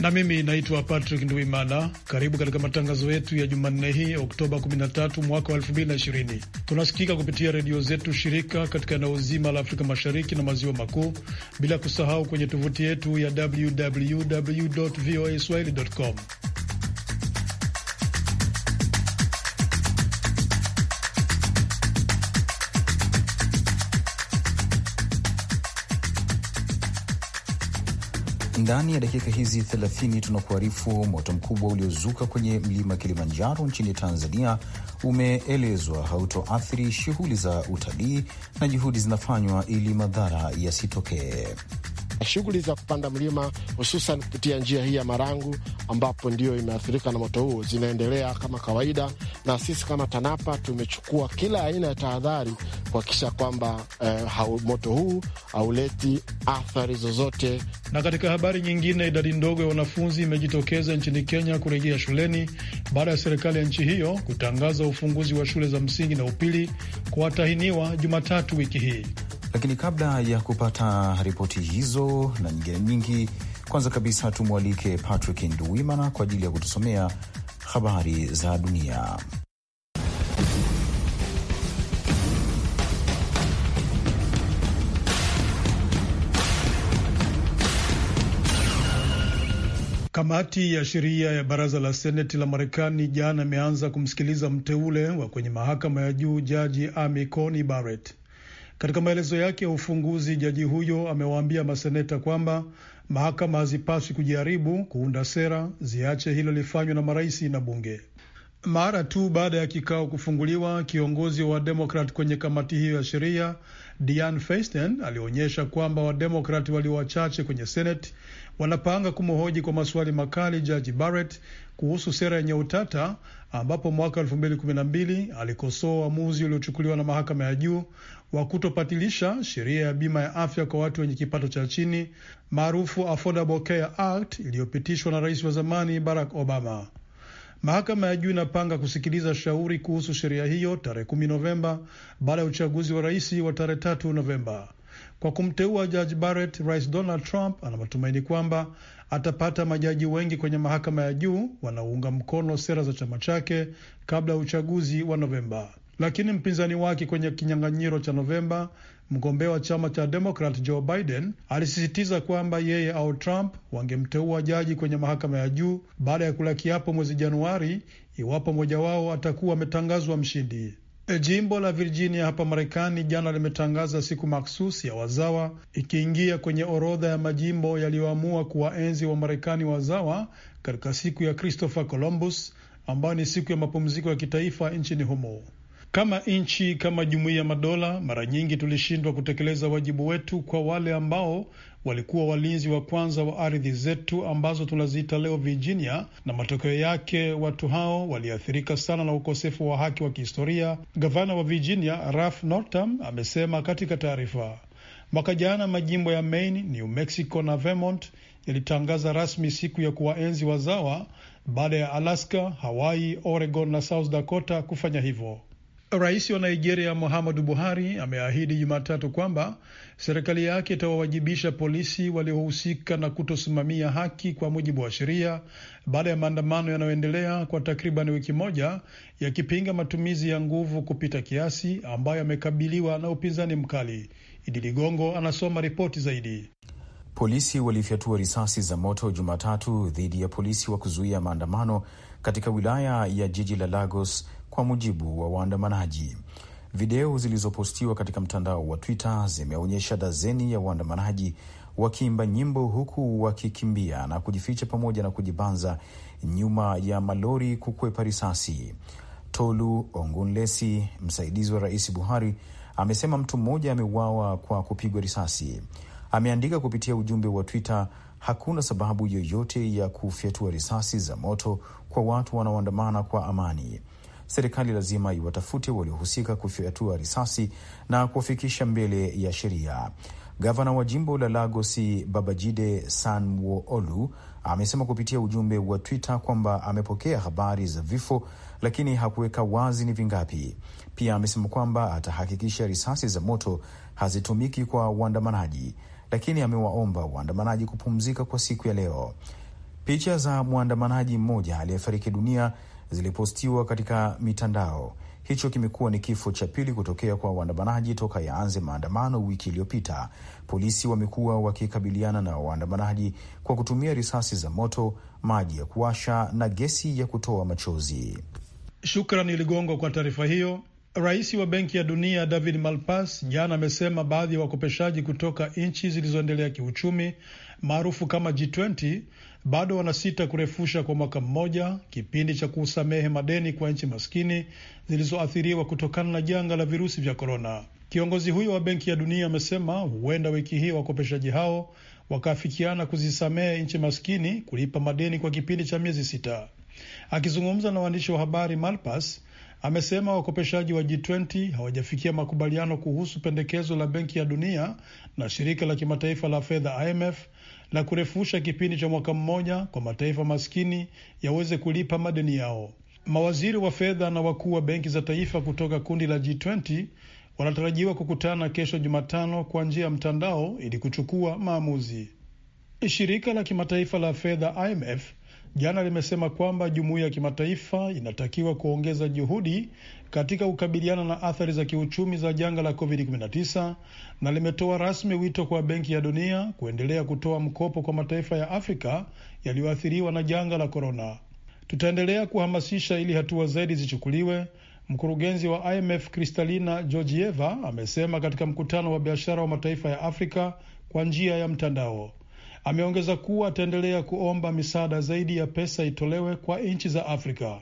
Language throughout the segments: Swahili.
na mimi naitwa Patrick nduimana Karibu katika matangazo yetu ya Jumanne hii Oktoba 13 mwaka wa 2020. Tunasikika kupitia redio zetu shirika katika eneo zima la Afrika Mashariki na Maziwa Makuu, bila kusahau kwenye tovuti yetu ya www voa swahili com Ndani ya dakika hizi 30 tunakuarifu moto mkubwa uliozuka kwenye mlima Kilimanjaro nchini Tanzania umeelezwa hautoathiri shughuli za utalii na juhudi zinafanywa ili madhara yasitokee shughuli za kupanda mlima hususan kupitia njia hii ya Marangu ambapo ndiyo imeathirika na moto huo zinaendelea kama kawaida, na sisi kama TANAPA tumechukua kila aina ya tahadhari kuhakikisha kwamba eh, moto huu hauleti athari zozote. Na katika habari nyingine, idadi ndogo ya wanafunzi imejitokeza nchini Kenya kurejea shuleni baada ya serikali ya nchi hiyo kutangaza ufunguzi wa shule za msingi na upili kuwatahiniwa Jumatatu wiki hii. Lakini kabla ya kupata ripoti hizo na nyingine nyingi, kwanza kabisa tumwalike Patrick Nduwimana kwa ajili ya kutusomea habari za dunia. Kamati ya sheria ya baraza la seneti la Marekani jana imeanza kumsikiliza mteule wa kwenye mahakama ya juu jaji Amy Coney Barrett. Katika maelezo yake ya ufunguzi, jaji huyo amewaambia maseneta kwamba mahakama hazipaswi kujaribu kuunda sera, ziache hilo lifanywe na maraisi na bunge. Mara tu baada ya kikao kufunguliwa, kiongozi wa Wademokrat kwenye kamati hiyo ya sheria Dianne Feinstein alionyesha kwamba Wademokrat walio wachache kwenye Senate wanapanga kumhoji kwa maswali makali jaji Barrett kuhusu sera yenye utata, ambapo mwaka 2012 alikosoa uamuzi uliochukuliwa na mahakama ya juu wa kutopatilisha sheria ya bima ya afya kwa watu wenye kipato cha chini maarufu Affordable Care Act iliyopitishwa na rais wa zamani Barack Obama. Mahakama ya juu inapanga kusikiliza shauri kuhusu sheria hiyo tarehe kumi Novemba baada ya uchaguzi wa rais wa tarehe tatu Novemba. Kwa kumteua Judge Barrett, Rais Donald Trump ana matumaini kwamba atapata majaji wengi kwenye mahakama ya juu wanaounga mkono sera za chama chake kabla ya uchaguzi wa Novemba lakini mpinzani wake kwenye kinyang'anyiro cha Novemba, mgombea wa chama cha Demokrat Joe Biden alisisitiza kwamba yeye au Trump wangemteua jaji kwenye mahakama ya juu baada ya kula kiapo mwezi Januari iwapo mmoja wao atakuwa ametangazwa mshindi. E, jimbo la Virginia hapa Marekani jana limetangaza siku maksusi ya wazawa, ikiingia kwenye orodha ya majimbo yaliyoamua kuwaenzi wa Marekani wazawa katika siku ya Christopher Columbus ambayo ni siku ya mapumziko ya kitaifa nchini humo. Kama nchi, kama jumuiya ya madola, mara nyingi tulishindwa kutekeleza wajibu wetu kwa wale ambao walikuwa walinzi wa kwanza wa ardhi zetu ambazo tunaziita leo Virginia, na matokeo yake watu hao waliathirika sana na ukosefu wa haki wa kihistoria. Gavana wa Virginia Ralph Northam amesema katika taarifa. Mwaka jana majimbo ya Maine, New Mexico na Vermont yalitangaza rasmi siku ya kuwaenzi wazawa baada ya Alaska, Hawaii, Oregon na South Dakota kufanya hivyo. Rais wa Nigeria Muhammadu Buhari ameahidi Jumatatu kwamba serikali yake itawawajibisha polisi waliohusika na kutosimamia haki kwa mujibu wa sheria baada ya maandamano yanayoendelea kwa takriban wiki moja yakipinga matumizi ya nguvu kupita kiasi ambayo yamekabiliwa na upinzani mkali. Idi Ligongo anasoma ripoti zaidi. Polisi walifyatua risasi za moto Jumatatu dhidi ya polisi wa kuzuia maandamano katika wilaya ya jiji la Lagos kwa mujibu wa waandamanaji. Video zilizopostiwa katika mtandao wa Twitter zimeonyesha dazeni ya waandamanaji wakiimba nyimbo huku wakikimbia na kujificha pamoja na kujibanza nyuma ya malori kukwepa risasi. Tolu Ongunlesi, msaidizi wa Rais Buhari, amesema mtu mmoja ameuawa kwa kupigwa risasi. Ameandika kupitia ujumbe wa Twitter, hakuna sababu yoyote ya kufyatua risasi za moto kwa watu wanaoandamana kwa amani serikali lazima iwatafute waliohusika kufyatua risasi na kuwafikisha mbele ya sheria. Gavana wa jimbo la lagosi Babajide sanwoolu amesema kupitia ujumbe wa Twitter kwamba amepokea habari za vifo, lakini hakuweka wazi ni vingapi. Pia amesema kwamba atahakikisha risasi za moto hazitumiki kwa waandamanaji, lakini amewaomba waandamanaji kupumzika kwa siku ya leo. Picha za mwandamanaji mmoja aliyefariki dunia zilipostiwa katika mitandao. Hicho kimekuwa ni kifo cha pili kutokea kwa waandamanaji toka yaanze maandamano wiki iliyopita. Polisi wamekuwa wakikabiliana na waandamanaji kwa kutumia risasi za moto, maji ya kuwasha na gesi ya kutoa machozi. Shukran ligongo kwa taarifa hiyo. Rais wa Benki ya Dunia David Malpass jana amesema baadhi ya wakopeshaji kutoka nchi zilizoendelea kiuchumi maarufu kama G20 bado wanasita kurefusha kwa mwaka mmoja kipindi cha kusamehe madeni kwa nchi maskini zilizoathiriwa kutokana na janga la virusi vya korona. Kiongozi huyo wa Benki ya Dunia amesema huenda wiki hii wakopeshaji hao wakaafikiana kuzisamehe nchi maskini kulipa madeni kwa kipindi cha miezi sita. Akizungumza na waandishi wa habari, Malpas amesema wakopeshaji wa G20 hawajafikia makubaliano kuhusu pendekezo la Benki ya Dunia na shirika la kimataifa la fedha IMF na kurefusha kipindi cha mwaka mmoja kwa mataifa maskini yaweze kulipa madeni yao. Mawaziri wa fedha na wakuu wa benki za taifa kutoka kundi la G20 wanatarajiwa kukutana kesho Jumatano kwa njia ya mtandao ili kuchukua maamuzi. Shirika la kimataifa la fedha IMF jana limesema kwamba jumuiya ya kimataifa inatakiwa kuongeza juhudi katika kukabiliana na athari za kiuchumi za janga la COVID-19 na limetoa rasmi wito kwa Benki ya Dunia kuendelea kutoa mkopo kwa mataifa ya Afrika yaliyoathiriwa na janga la korona. Tutaendelea kuhamasisha ili hatua zaidi zichukuliwe, mkurugenzi wa IMF Kristalina Georgieva amesema katika mkutano wa biashara wa mataifa ya Afrika kwa njia ya mtandao. Ameongeza kuwa ataendelea kuomba misaada zaidi ya pesa itolewe kwa nchi za Afrika.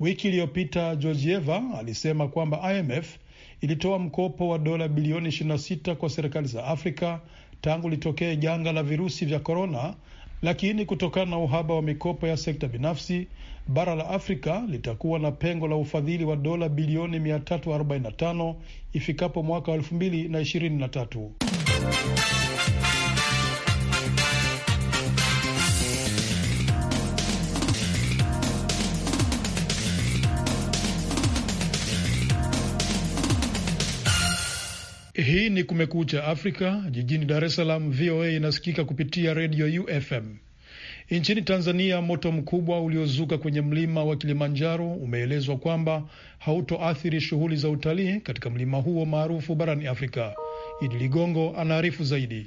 Wiki iliyopita Georgieva alisema kwamba IMF ilitoa mkopo wa dola bilioni 26 kwa serikali za Afrika tangu litokee janga la virusi vya korona, lakini kutokana na uhaba wa mikopo ya sekta binafsi, bara la Afrika litakuwa na pengo la ufadhili wa dola bilioni 345 ifikapo mwaka wa 2023. ni Kumekucha Afrika. Jijini Dar es Salaam, VOA inasikika kupitia redio UFM. Nchini Tanzania, moto mkubwa uliozuka kwenye mlima wa Kilimanjaro umeelezwa kwamba hautoathiri shughuli za utalii katika mlima huo maarufu barani Afrika. Idi Ligongo anaarifu zaidi.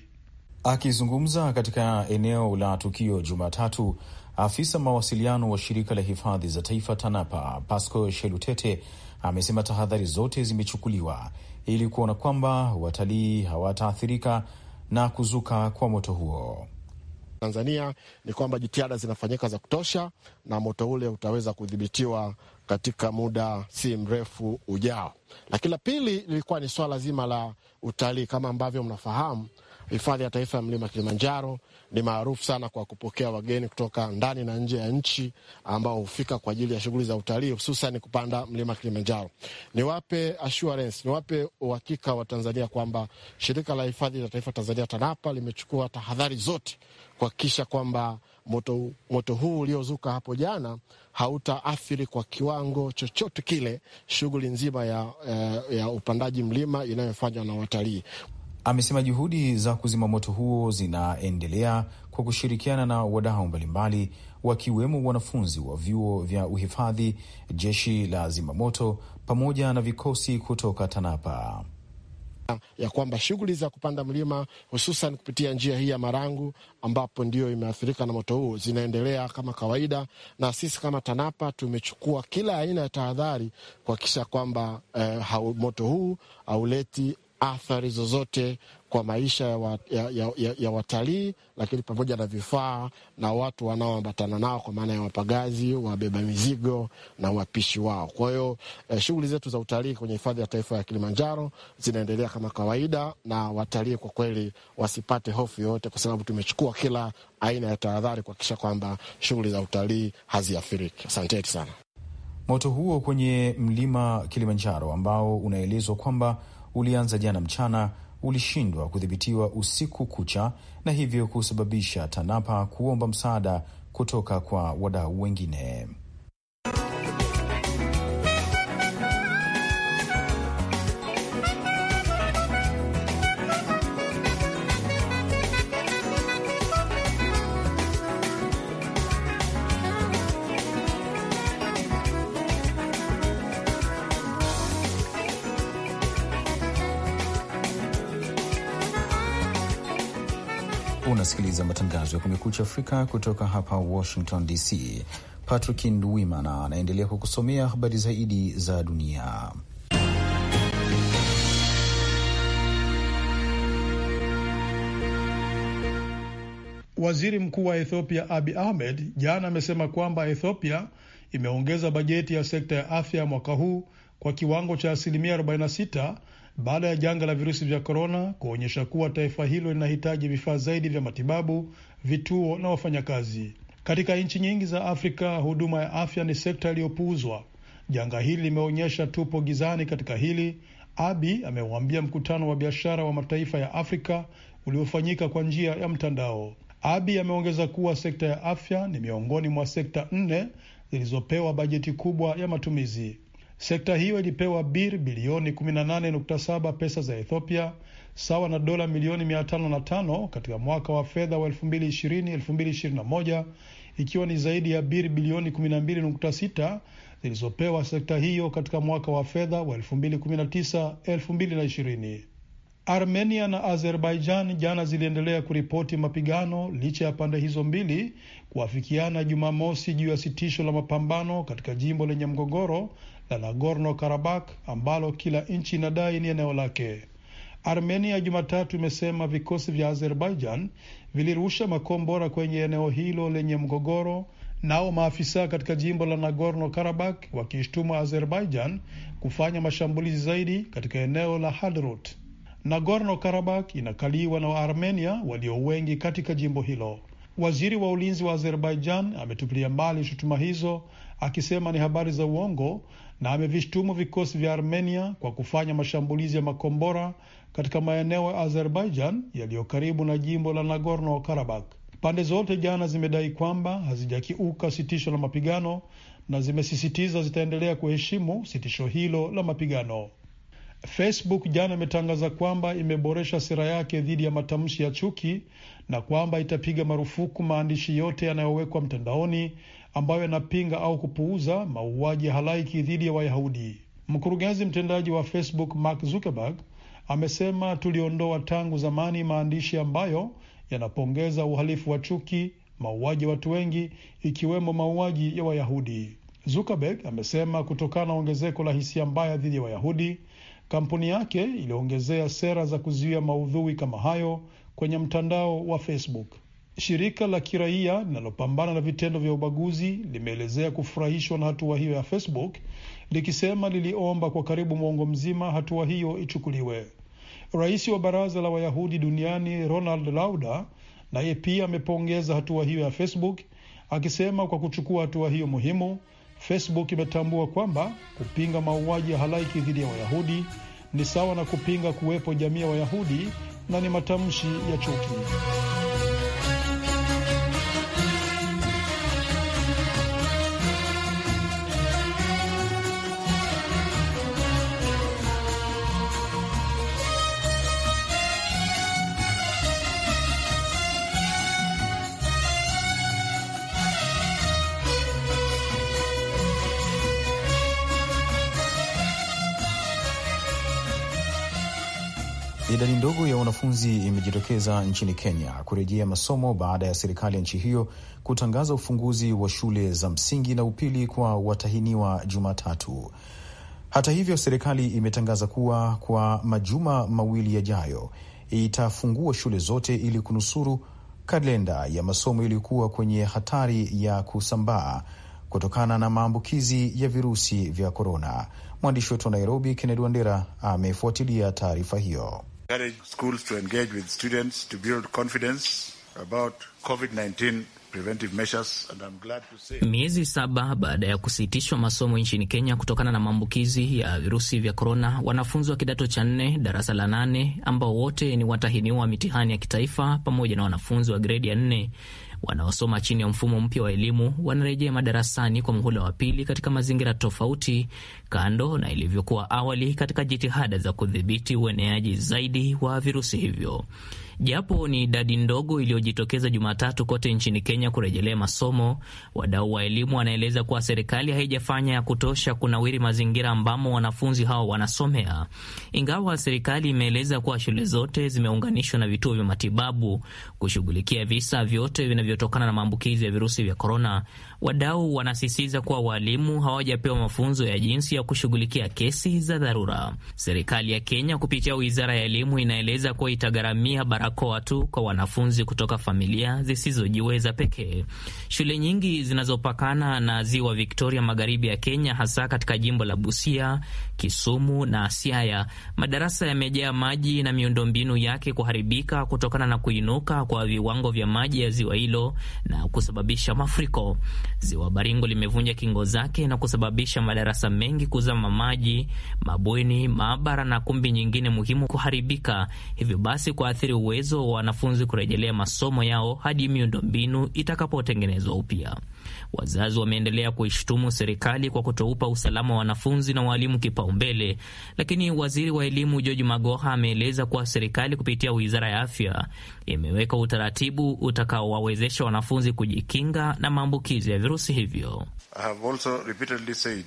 Akizungumza katika eneo la tukio Jumatatu, afisa mawasiliano wa shirika la hifadhi za taifa TANAPA Pasco Shelutete amesema tahadhari zote zimechukuliwa ili kuona kwamba watalii hawataathirika na kuzuka kwa moto huo. Tanzania ni kwamba jitihada zinafanyika za kutosha, na moto ule utaweza kudhibitiwa katika muda si mrefu ujao. Lakini la pili lilikuwa ni swala zima la utalii. Kama ambavyo mnafahamu, Hifadhi ya Taifa ya Mlima Kilimanjaro ni maarufu sana kwa kupokea wageni kutoka ndani na nje ya nchi ambao hufika kwa ajili ya shughuli za utalii, hususan kupanda Mlima Kilimanjaro. Niwape assurance, niwape uhakika wa Tanzania kwamba shirika la hifadhi ya taifa Tanzania TANAPA limechukua tahadhari zote kuhakikisha kwamba moto, moto huu uliozuka hapo jana hautaathiri kwa kiwango chochote kile shughuli nzima ya, ya, eh, ya upandaji mlima inayofanywa na watalii amesema juhudi za kuzima moto huo zinaendelea kwa kushirikiana na wadau mbalimbali wakiwemo wanafunzi wa vyuo vya uhifadhi, jeshi la zimamoto pamoja na vikosi kutoka TANAPA ya kwamba shughuli za kupanda mlima hususan kupitia njia hii ya Marangu ambapo ndio imeathirika na moto huu zinaendelea kama kawaida, na sisi kama TANAPA tumechukua kila aina ya tahadhari kuhakikisha kwamba eh, moto huu hauleti athari zozote kwa maisha ya, ya, ya, ya, ya watalii, lakini pamoja na vifaa na watu wanaoambatana nao, kwa maana ya wapagazi, wabeba mizigo na wapishi wao. Kwa hiyo eh, shughuli zetu za utalii kwenye hifadhi ya taifa ya Kilimanjaro zinaendelea kama kawaida, na watalii kwa kweli wasipate hofu yoyote, kwa sababu tumechukua kila aina ya tahadhari kuhakikisha kwamba shughuli za utalii haziathiriki. Asanteni sana. Moto huo kwenye mlima Kilimanjaro ambao unaelezwa kwamba ulianza jana mchana ulishindwa kudhibitiwa usiku kucha na hivyo kusababisha TANAPA kuomba msaada kutoka kwa wadau wengine. kusikiliza matangazo ya Kumekucha Afrika kutoka hapa Washington DC. Patrick Ndwimana anaendelea kukusomea habari zaidi za dunia. Waziri Mkuu wa Ethiopia Abi Ahmed jana amesema kwamba Ethiopia imeongeza bajeti ya sekta ya afya mwaka huu kwa kiwango cha asilimia 46 baada ya janga la virusi vya korona kuonyesha kuwa taifa hilo linahitaji vifaa zaidi vya matibabu, vituo na wafanyakazi. Katika nchi nyingi za Afrika, huduma ya afya ni sekta iliyopuuzwa. Janga hili limeonyesha tupo gizani katika hili, Abi amewaambia mkutano wa biashara wa mataifa ya Afrika uliofanyika kwa njia ya mtandao. Abi ameongeza kuwa sekta ya afya ni miongoni mwa sekta nne zilizopewa bajeti kubwa ya matumizi. Sekta hiyo ilipewa bir bilioni 18.7 pesa za Ethiopia sawa na dola milioni 505 katika mwaka wa fedha wa 2020-2021 ikiwa ni zaidi ya bir bilioni 12.6 zilizopewa sekta hiyo katika mwaka wa fedha wa 2019-2020. Armenia na Azerbaijan jana ziliendelea kuripoti mapigano licha ya pande hizo mbili kuafikiana Jumamosi juu ya sitisho la mapambano katika jimbo lenye mgogoro la Nagorno Karabakh ambalo kila nchi inadai ni eneo lake. Armenia Jumatatu imesema vikosi vya Azerbaijan vilirusha makombora kwenye eneo hilo lenye mgogoro. Nao maafisa katika jimbo la Nagorno Karabakh wakiishtumwa Azerbaijan kufanya mashambulizi zaidi katika eneo la Hadrut. Nagorno Karabakh inakaliwa na Waarmenia walio wengi katika jimbo hilo. Waziri wa ulinzi wa Azerbaijan ametupilia mbali shutuma hizo akisema ni habari za uongo na amevishtumu vikosi vya Armenia kwa kufanya mashambulizi ya makombora katika maeneo ya Azerbaijan yaliyo karibu na jimbo la Nagorno Karabakh. Pande zote jana zimedai kwamba hazijakiuka sitisho la mapigano na zimesisitiza zitaendelea kuheshimu sitisho hilo la mapigano. Facebook jana imetangaza kwamba imeboresha sera yake dhidi ya matamshi ya chuki na kwamba itapiga marufuku maandishi yote yanayowekwa mtandaoni ambayo yanapinga au kupuuza mauaji halaiki dhidi ya Wayahudi. Mkurugenzi mtendaji wa Facebook Mark Zuckerberg amesema, tuliondoa tangu zamani maandishi ambayo yanapongeza uhalifu wa chuki, mauaji ya watu wengi, ikiwemo mauaji ya Wayahudi. Zuckerberg amesema kutokana na ongezeko la hisia mbaya dhidi ya Wayahudi, kampuni yake iliongezea sera za kuzuia maudhui kama hayo kwenye mtandao wa Facebook. Shirika la kiraia linalopambana na vitendo vya ubaguzi limeelezea kufurahishwa na hatua hiyo ya Facebook likisema liliomba kwa karibu mwongo mzima hatua hiyo ichukuliwe. Rais wa Baraza la Wayahudi Duniani Ronald Lauda naye pia amepongeza hatua hiyo ya Facebook akisema kwa kuchukua hatua hiyo muhimu, Facebook imetambua kwamba kupinga mauaji ya halaiki dhidi ya Wayahudi ni sawa na kupinga kuwepo jamii ya Wayahudi na ni matamshi ya chuki. Idadi ndogo ya wanafunzi imejitokeza nchini Kenya kurejea masomo baada ya serikali ya nchi hiyo kutangaza ufunguzi wa shule za msingi na upili kwa watahiniwa Jumatatu. Hata hivyo, serikali imetangaza kuwa kwa majuma mawili yajayo itafungua shule zote ili kunusuru kalenda ya masomo iliyokuwa kwenye hatari ya kusambaa kutokana na maambukizi ya virusi vya korona. Mwandishi wetu wa Nairobi, Kennedy Wandera, amefuatilia taarifa hiyo. Miezi saba baada ya kusitishwa masomo nchini Kenya kutokana na maambukizi ya virusi vya korona, wanafunzi wa kidato cha nne, darasa la nane, ambao wote ni watahiniwa mitihani ya kitaifa pamoja na wanafunzi wa gredi ya nne wanaosoma chini ya mfumo mpya wa elimu wanarejea madarasani kwa muhula wa pili katika mazingira tofauti, kando na ilivyokuwa awali, katika jitihada za kudhibiti ueneaji zaidi wa virusi hivyo. Japo ni idadi ndogo iliyojitokeza Jumatatu kote nchini Kenya kurejelea masomo, wadau wa elimu wanaeleza kuwa serikali haijafanya ya kutosha kunawiri mazingira ambamo wanafunzi hao wanasomea. Ingawa serikali imeeleza kuwa shule zote zimeunganishwa na vituo vya matibabu kushughulikia visa vyote vinavyotokana na maambukizi ya virusi vya korona, Wadau wanasisitiza kuwa waalimu hawajapewa mafunzo ya jinsi ya kushughulikia kesi za dharura. Serikali ya Kenya kupitia wizara ya elimu inaeleza kuwa itagharamia barakoa tu kwa wanafunzi kutoka familia zisizojiweza pekee. Shule nyingi zinazopakana na ziwa Victoria magharibi ya Kenya, hasa katika jimbo la Busia, Kisumu na Siaya, madarasa yamejaa maji na miundombinu yake kuharibika kutokana na kuinuka kwa viwango vya maji ya ziwa hilo na kusababisha mafuriko. Ziwa Baringo limevunja kingo zake na kusababisha madarasa mengi kuzama maji, mabweni, maabara na kumbi nyingine muhimu kuharibika, hivyo basi kuathiri uwezo wa wanafunzi kurejelea masomo yao hadi miundombinu itakapotengenezwa upya. Wazazi wameendelea kuishutumu serikali kwa kutoupa usalama wa wanafunzi na waalimu kipaumbele, lakini waziri wa elimu George Magoha ameeleza kuwa serikali kupitia wizara ya afya imeweka utaratibu utakaowawezesha wanafunzi kujikinga na maambukizi ya virusi hivyo. I have also repeatedly said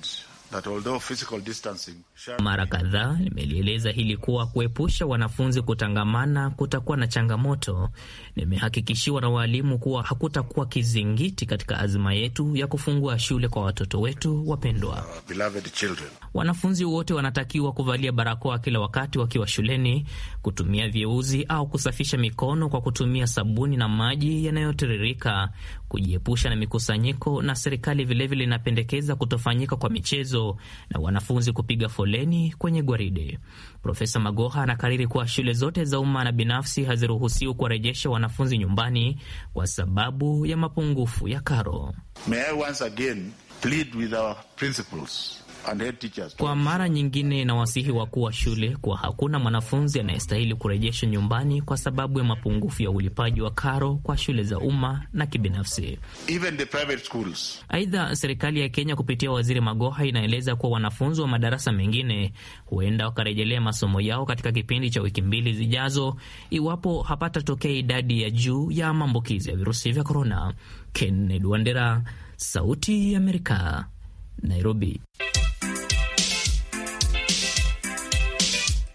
mara kadhaa nimelieleza hili kuwa kuepusha wanafunzi kutangamana kutakuwa na changamoto. Nimehakikishiwa na waalimu kuwa hakutakuwa kizingiti katika azima yetu ya kufungua shule kwa watoto wetu wapendwa. Uh, wanafunzi wote wanatakiwa kuvalia barakoa kila wakati wakiwa shuleni, kutumia vyeuzi au kusafisha mikono kwa kutumia sabuni na maji yanayotiririka, kujiepusha na mikusanyiko, na serikali vilevile inapendekeza kutofanyika kwa michezo hizo na wanafunzi kupiga foleni kwenye gwaride. Profesa Magoha anakariri kuwa shule zote za umma na binafsi haziruhusiwi kuwarejesha wanafunzi nyumbani kwa sababu ya mapungufu ya karo. May I once again plead with our principals. Kwa mara nyingine nawasihi wakuu wa shule kuwa hakuna mwanafunzi anayestahili kurejeshwa nyumbani kwa sababu ya mapungufu ya ulipaji wa karo kwa shule za umma na kibinafsi. Aidha, serikali ya Kenya kupitia Waziri Magoha inaeleza kuwa wanafunzi wa madarasa mengine huenda wakarejelea masomo yao katika kipindi cha wiki mbili zijazo iwapo hapatatokea idadi ya juu ya maambukizi ya virusi vya korona. Kennedy Wandera, Sauti ya Amerika, Nairobi.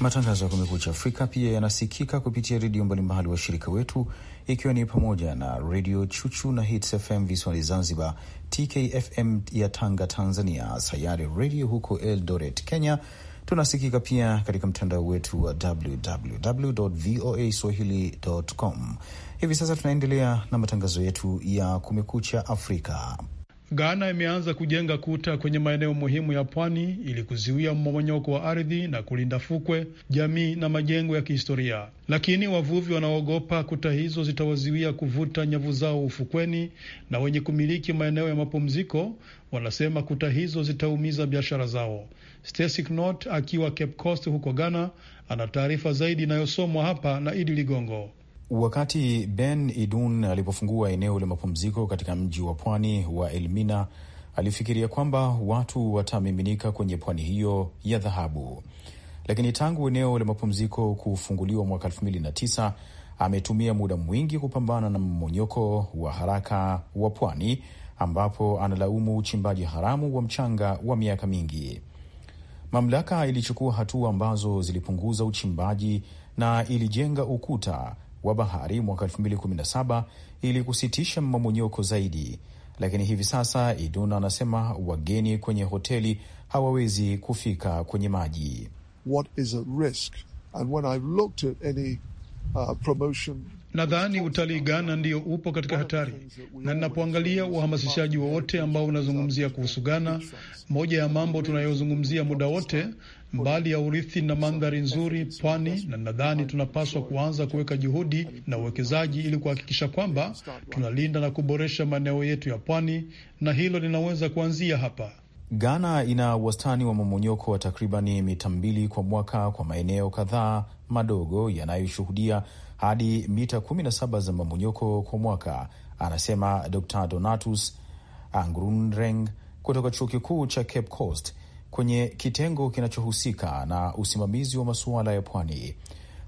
Matangazo ya Kumekucha Afrika pia yanasikika kupitia redio mbalimbali wa shirika wetu, ikiwa ni pamoja na redio Chuchu na Hits FM visiwani Zanzibar, TKFM ya Tanga Tanzania, Sayari redio huko Eldoret Kenya. Tunasikika pia katika mtandao wetu wa www voa swahili.com. Hivi sasa tunaendelea na matangazo yetu ya Kumekucha Afrika. Ghana imeanza kujenga kuta kwenye maeneo muhimu ya pwani ili kuzuia mmomonyoko wa ardhi na kulinda fukwe, jamii na majengo ya kihistoria, lakini wavuvi wanaogopa kuta hizo zitawaziwia kuvuta nyavu zao ufukweni, na wenye kumiliki maeneo ya mapumziko wanasema kuta hizo zitaumiza biashara zao. Stacy Knott akiwa Cape Coast huko Ghana ana taarifa zaidi inayosomwa hapa na Idi Ligongo. Wakati Ben Idun alipofungua eneo la mapumziko katika mji wa pwani wa Elmina, alifikiria kwamba watu watamiminika kwenye pwani hiyo ya dhahabu, lakini tangu eneo la mapumziko kufunguliwa mwaka 2009 ametumia muda mwingi kupambana na mmonyoko wa haraka wa pwani, ambapo analaumu uchimbaji haramu wa mchanga wa miaka mingi. Mamlaka ilichukua hatua ambazo zilipunguza uchimbaji na ilijenga ukuta wa bahari mwaka 2017 ili kusitisha mmomonyoko zaidi, lakini hivi sasa Iduna anasema wageni kwenye hoteli hawawezi kufika kwenye maji. What is risk? And when looked at any, uh, promotion Nadhani utalii Ghana ndiyo upo katika hatari, na ninapoangalia uhamasishaji wowote ambao unazungumzia kuhusu Ghana, moja ya mambo tunayozungumzia muda wote, mbali ya urithi na mandhari nzuri, pwani, na nadhani tunapaswa kuanza kuweka juhudi na uwekezaji ili kuhakikisha kwamba tunalinda na kuboresha maeneo yetu ya pwani, na hilo linaweza kuanzia hapa. Ghana ina wastani wa mmomonyoko wa takribani mita mbili kwa mwaka kwa maeneo kadhaa madogo yanayoshuhudia hadi mita 17 za mmomonyoko kwa mwaka, anasema Dr Donatus Angrunreng kutoka chuo kikuu cha Cape Coast kwenye kitengo kinachohusika na usimamizi wa masuala ya pwani.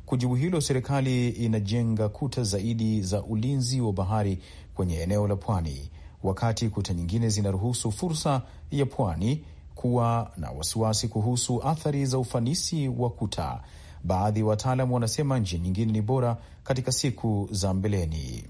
Kujibu hilo, serikali inajenga kuta zaidi za ulinzi wa bahari kwenye eneo la pwani, wakati kuta nyingine zinaruhusu fursa ya pwani kuwa na wasiwasi kuhusu athari za ufanisi wa kuta. Baadhi ya wataalam wanasema njia nyingine ni bora katika siku za mbeleni.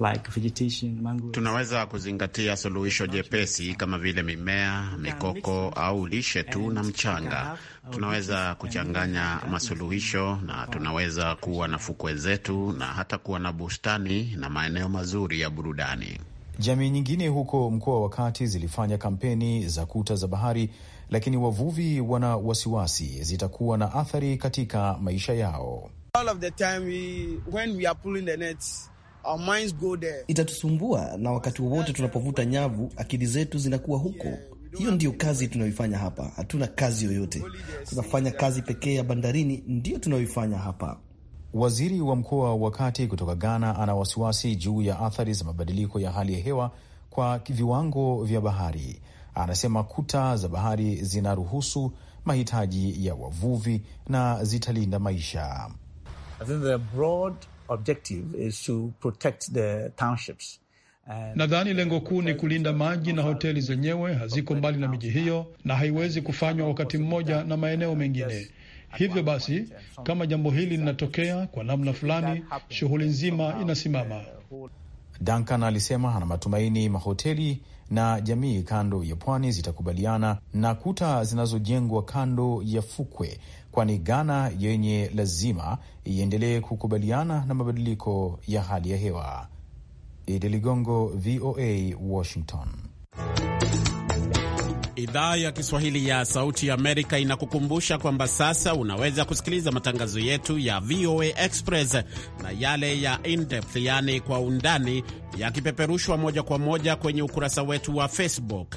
Uh, tunaweza kuzingatia suluhisho jepesi kama vile mimea, mikoko au lishe tu na mchanga. Tunaweza kuchanganya masuluhisho na tunaweza kuwa na fukwe zetu na hata kuwa na bustani na maeneo mazuri ya burudani. Jamii nyingine huko mkoa wa Kati zilifanya kampeni za kuta za bahari, lakini wavuvi wana wasiwasi zitakuwa na athari katika maisha yao. Itatusumbua na wakati wowote tunapovuta nyavu akili zetu zinakuwa huko. Hiyo ndiyo kazi tunayoifanya hapa, hatuna kazi yoyote, tunafanya kazi pekee ya bandarini, ndiyo tunayoifanya hapa. Waziri wa mkoa wa kati kutoka Ghana ana wasiwasi juu ya athari za mabadiliko ya hali ya hewa kwa viwango vya bahari. Anasema kuta za bahari zinaruhusu mahitaji ya wavuvi na zitalinda maisha. Nadhani lengo kuu ni kulinda maji na hoteli zenyewe haziko mbali na miji hiyo, na haiwezi kufanywa wakati mmoja na maeneo mengine. Hivyo basi, kama jambo hili linatokea kwa namna fulani, shughuli nzima inasimama. Duncan alisema ana matumaini mahoteli na jamii kando ya pwani zitakubaliana na kuta zinazojengwa kando ya fukwe, kwani Ghana yenye lazima iendelee kukubaliana na mabadiliko ya hali ya hewa. Idi Ligongo, VOA, Washington. Idhaa ya Kiswahili ya Sauti ya Amerika inakukumbusha kwamba sasa unaweza kusikiliza matangazo yetu ya VOA Express na yale ya in-depth, yaani kwa undani, yakipeperushwa moja kwa moja kwenye ukurasa wetu wa Facebook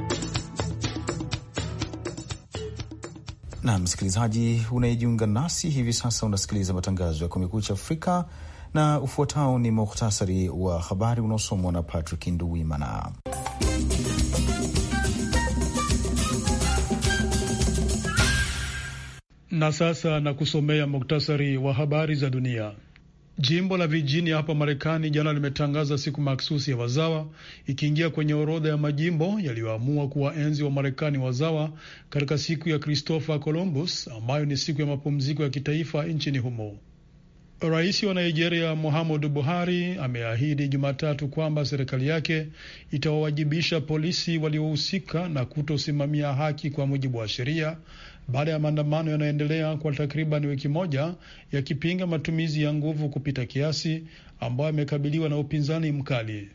Na msikilizaji unayejiunga nasi hivi sasa, unasikiliza matangazo ya Kumekucha Afrika, na ufuatao ni muhtasari wa habari unaosomwa na Patrick Nduwimana. Na sasa nakusomea muktasari wa habari za dunia. Jimbo la Virginia hapa Marekani jana limetangaza siku maksusi ya wazawa, ikiingia kwenye orodha ya majimbo yaliyoamua kuwaenzi wa Marekani wazawa katika siku ya Christopher Columbus ambayo ni siku ya mapumziko ya kitaifa nchini humo. Rais wa Nigeria Muhammadu Buhari ameahidi Jumatatu kwamba serikali yake itawawajibisha polisi waliohusika na kutosimamia haki kwa mujibu wa sheria, baada ya maandamano yanayoendelea kwa takriban wiki moja yakipinga matumizi ya nguvu kupita kiasi ambayo yamekabiliwa na upinzani mkali.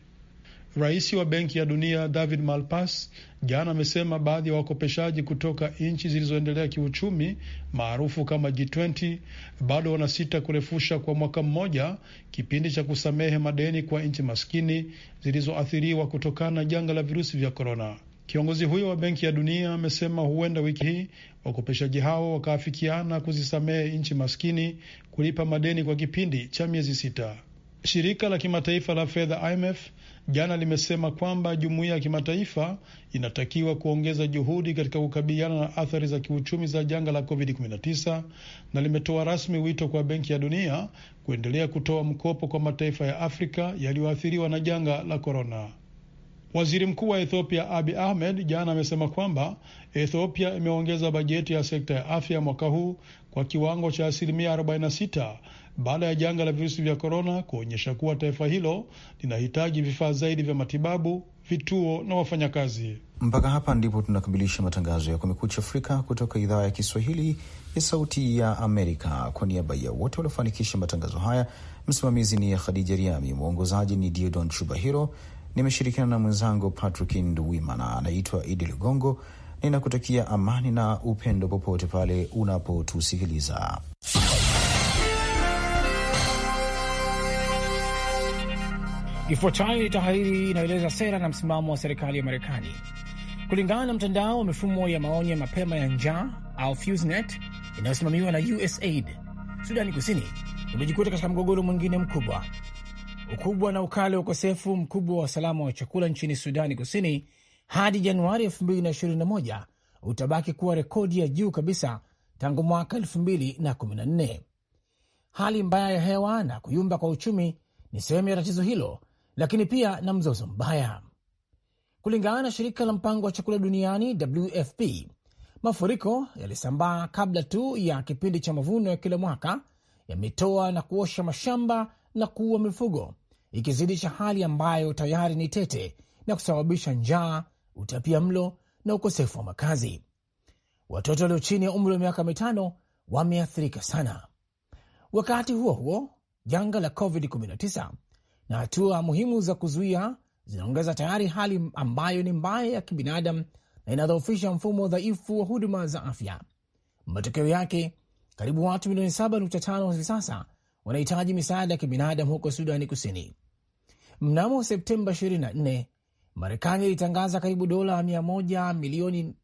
Rais wa Benki ya Dunia David Malpass jana amesema baadhi ya wakopeshaji kutoka nchi zilizoendelea kiuchumi maarufu kama G20 bado wanasita kurefusha kwa mwaka mmoja kipindi cha kusamehe madeni kwa nchi maskini zilizoathiriwa kutokana na janga la virusi vya korona. Kiongozi huyo wa Benki ya Dunia amesema huenda wiki hii wakopeshaji hao wakaafikiana kuzisamehe nchi maskini kulipa madeni kwa kipindi cha miezi sita. Shirika la kimataifa la fedha IMF jana limesema kwamba jumuiya ya kimataifa inatakiwa kuongeza juhudi katika kukabiliana na athari za kiuchumi za janga la COVID-19 na limetoa rasmi wito kwa Benki ya Dunia kuendelea kutoa mkopo kwa mataifa ya Afrika yaliyoathiriwa na janga la korona. Waziri Mkuu wa Ethiopia Abi Ahmed jana amesema kwamba Ethiopia imeongeza bajeti ya sekta ya afya mwaka huu kwa kiwango cha asilimia 46 baada ya janga la virusi vya korona kuonyesha kuwa taifa hilo linahitaji vifaa zaidi vya matibabu, vituo na wafanyakazi. Mpaka hapa ndipo tunakamilisha matangazo ya Kumekucha Afrika kutoka idhaa ya Kiswahili ya Sauti ya Amerika. Kwa niaba ya wote waliofanikisha matangazo haya, msimamizi ni Khadija Riami, mwongozaji ni Diodon Chubahiro. Nimeshirikiana na mwenzangu Patrick Nduwimana, anaitwa Idi Ligongo. Ninakutakia amani na upendo popote pale unapotusikiliza. Ifuatayo ni tahariri inayoeleza sera na msimamo wa serikali ya Marekani. Kulingana na mtandao wa mifumo ya maoni ya mapema ya njaa au FuseNet inayosimamiwa na USAID, Sudani Kusini imejikuta katika mgogoro mwingine mkubwa ukubwa na ukali wa ukosefu mkubwa wa usalama wa chakula nchini Sudani Kusini hadi Januari 2021 utabaki kuwa rekodi ya juu kabisa tangu mwaka 2014. Hali mbaya ya hewa na kuyumba kwa uchumi ni sehemu ya tatizo hilo, lakini pia na mzozo mbaya. Kulingana na shirika la mpango wa chakula duniani WFP, mafuriko yalisambaa kabla tu ya kipindi cha mavuno ya kila mwaka, yametoa na kuosha mashamba na kuua mifugo, ikizidisha hali ambayo tayari ni tete na kusababisha njaa, utapia mlo na ukosefu wa makazi. Watoto walio chini ya umri wa miaka mitano wameathirika sana. Wakati huo huo, janga la COVID-19 na hatua muhimu za kuzuia zinaongeza tayari hali ambayo ni mbaya ya kibinadamu na inadhoofisha mfumo dhaifu wa huduma za afya. Matokeo yake, karibu watu milioni 7.5 hivi sasa wanahitaji misaada ya kibinadamu huko Sudani Kusini. Mnamo Septemba 24 Marekani ilitangaza karibu dola 100 milioni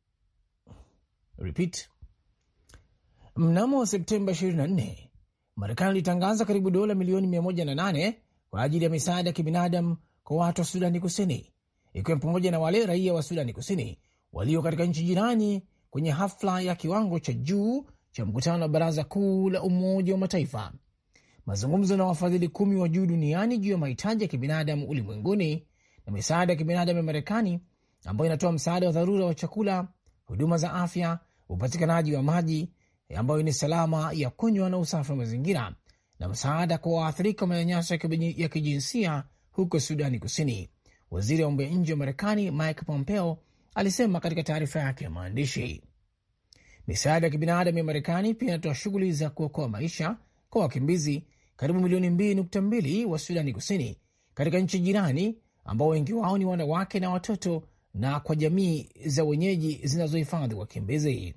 Repeat. Mnamo Septemba 24 Marekani ilitangaza karibu dola milioni 108 kwa ajili ya misaada ya kibinadamu kwa watu wa Sudani Kusini, ikiwa pamoja na wale raia wa Sudani Kusini walio katika nchi jirani kwenye hafla ya kiwango cha juu cha mkutano wa Baraza Kuu la Umoja wa Mataifa mazungumzo na wafadhili kumi wa juu duniani juu ya mahitaji ya kibinadamu ulimwenguni na misaada ya kibinadamu ya Marekani ambayo inatoa msaada wa dharura wa chakula, huduma za afya, upatikanaji wa maji ambayo ni salama ya kunywa na usafi wa mazingira na msaada kwa waathirika wa manyanyaso ya kijinsia huko Sudani Kusini. Waziri wa mambo ya nje wa Marekani Mike Pompeo alisema katika taarifa yake ya maandishi, misaada ya kibinadamu ya Marekani pia inatoa shughuli za kuokoa maisha kwa wakimbizi karibu milioni 2.2 wa Sudani Kusini katika nchi jirani, ambao wengi wao ni wanawake na watoto, na kwa jamii za wenyeji zinazohifadhi wakimbizi.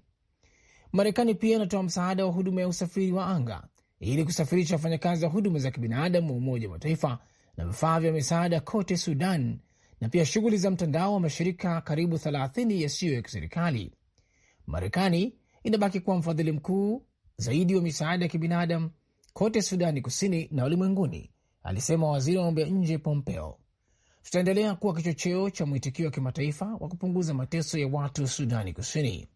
Marekani pia inatoa msaada wa huduma ya usafiri wa anga ili kusafirisha wafanyakazi wa huduma za kibinadamu wa Umoja wa Mataifa na vifaa vya misaada kote Sudan, na pia shughuli za mtandao wa mashirika karibu 30 yasiyo ya kiserikali. Marekani inabaki kuwa mfadhili mkuu zaidi wa misaada ya kibinadamu kote Sudani Kusini na ulimwenguni, alisema waziri wa mambo ya nje Pompeo. Tutaendelea kuwa kichocheo cha mwitikio wa kimataifa wa kupunguza mateso ya watu Sudani Kusini.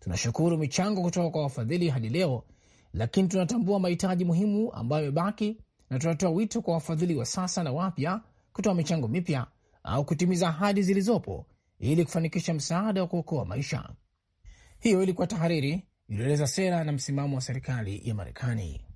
Tunashukuru michango kutoka kwa wafadhili hadi leo, lakini tunatambua mahitaji muhimu ambayo yamebaki, na tunatoa wito kwa wafadhili wa sasa na wapya kutoa michango mipya au kutimiza ahadi zilizopo ili kufanikisha msaada wa kuokoa maisha. Hiyo ilikuwa tahariri iliyoeleza sera na msimamo wa serikali ya Marekani.